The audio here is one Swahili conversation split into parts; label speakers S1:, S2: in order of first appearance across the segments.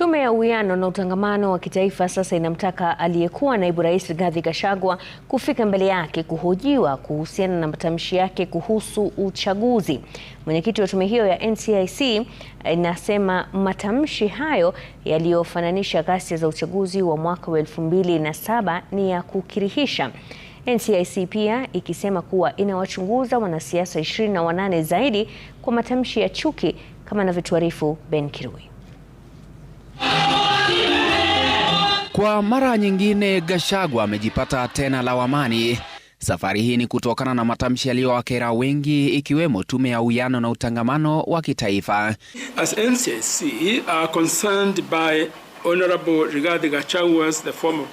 S1: Tume ya Uwiano na Utangamano wa Kitaifa sasa inamtaka aliyekuwa naibu rais Rigathi Gachagua kufika mbele yake kuhojiwa kuhusiana na matamshi yake kuhusu uchaguzi. Mwenyekiti wa tume hiyo ya NCIC inasema matamshi hayo yaliyofananisha ghasia za uchaguzi wa mwaka wa saba ni ya kukirihisha. NCIC pia ikisema kuwa inawachunguza wanasiasa 28 zaidi kwa matamshi ya chuki kama anavyotuarifu Ben Kirui.
S2: Kwa mara nyingine Gachagua amejipata tena lawamani. Safari hii ni kutokana na matamshi yaliyowakera wengi ikiwemo tume ya uwiano na utangamano wa kitaifa.
S3: As NCC are concerned by Honorable Rigathi Gachagua's the former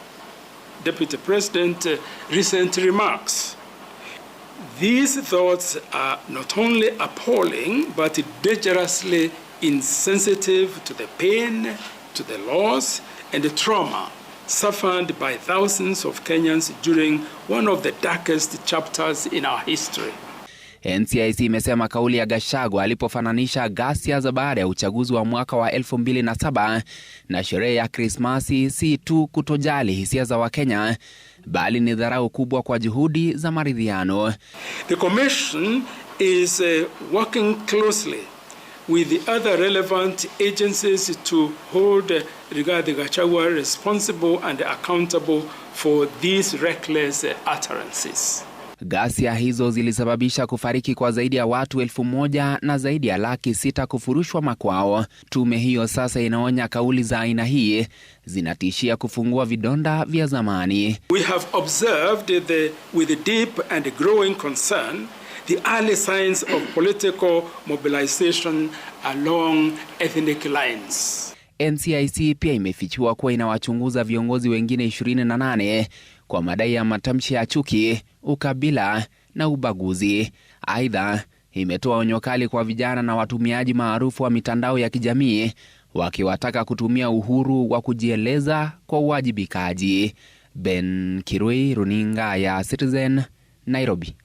S3: Deputy President uh, recent remarks. These thoughts are not only appalling but dangerously insensitive to the pain, to the loss and the trauma suffered by thousands of Kenyans during one of the darkest chapters in our history.
S2: NCIC imesema kauli ya Gachagua alipofananisha ghasia za baada ya uchaguzi wa mwaka wa 2007 na sherehe ya Krismasi si tu kutojali hisia za Wakenya bali ni dharau kubwa kwa juhudi za maridhiano.
S3: The commission is eh, working closely with the other relevant agencies to hold Rigathi Gachagua responsible and accountable for these reckless utterances.
S2: Ghasia hizo zilisababisha kufariki kwa zaidi ya watu elfu moja na zaidi ya laki sita kufurushwa makwao. Tume hiyo sasa inaonya kauli za aina hii zinatishia kufungua vidonda vya zamani.
S3: We have observed the, with deep and growing concern the early signs of political mobilization along ethnic lines.
S2: NCIC pia imefichua kuwa inawachunguza viongozi wengine 28 kwa madai ya matamshi ya chuki, ukabila na ubaguzi. Aidha, imetoa onyo kali kwa vijana na watumiaji maarufu wa mitandao ya kijamii wakiwataka kutumia uhuru wa kujieleza kwa uwajibikaji. Ben Kirui, Runinga ya Citizen, Nairobi.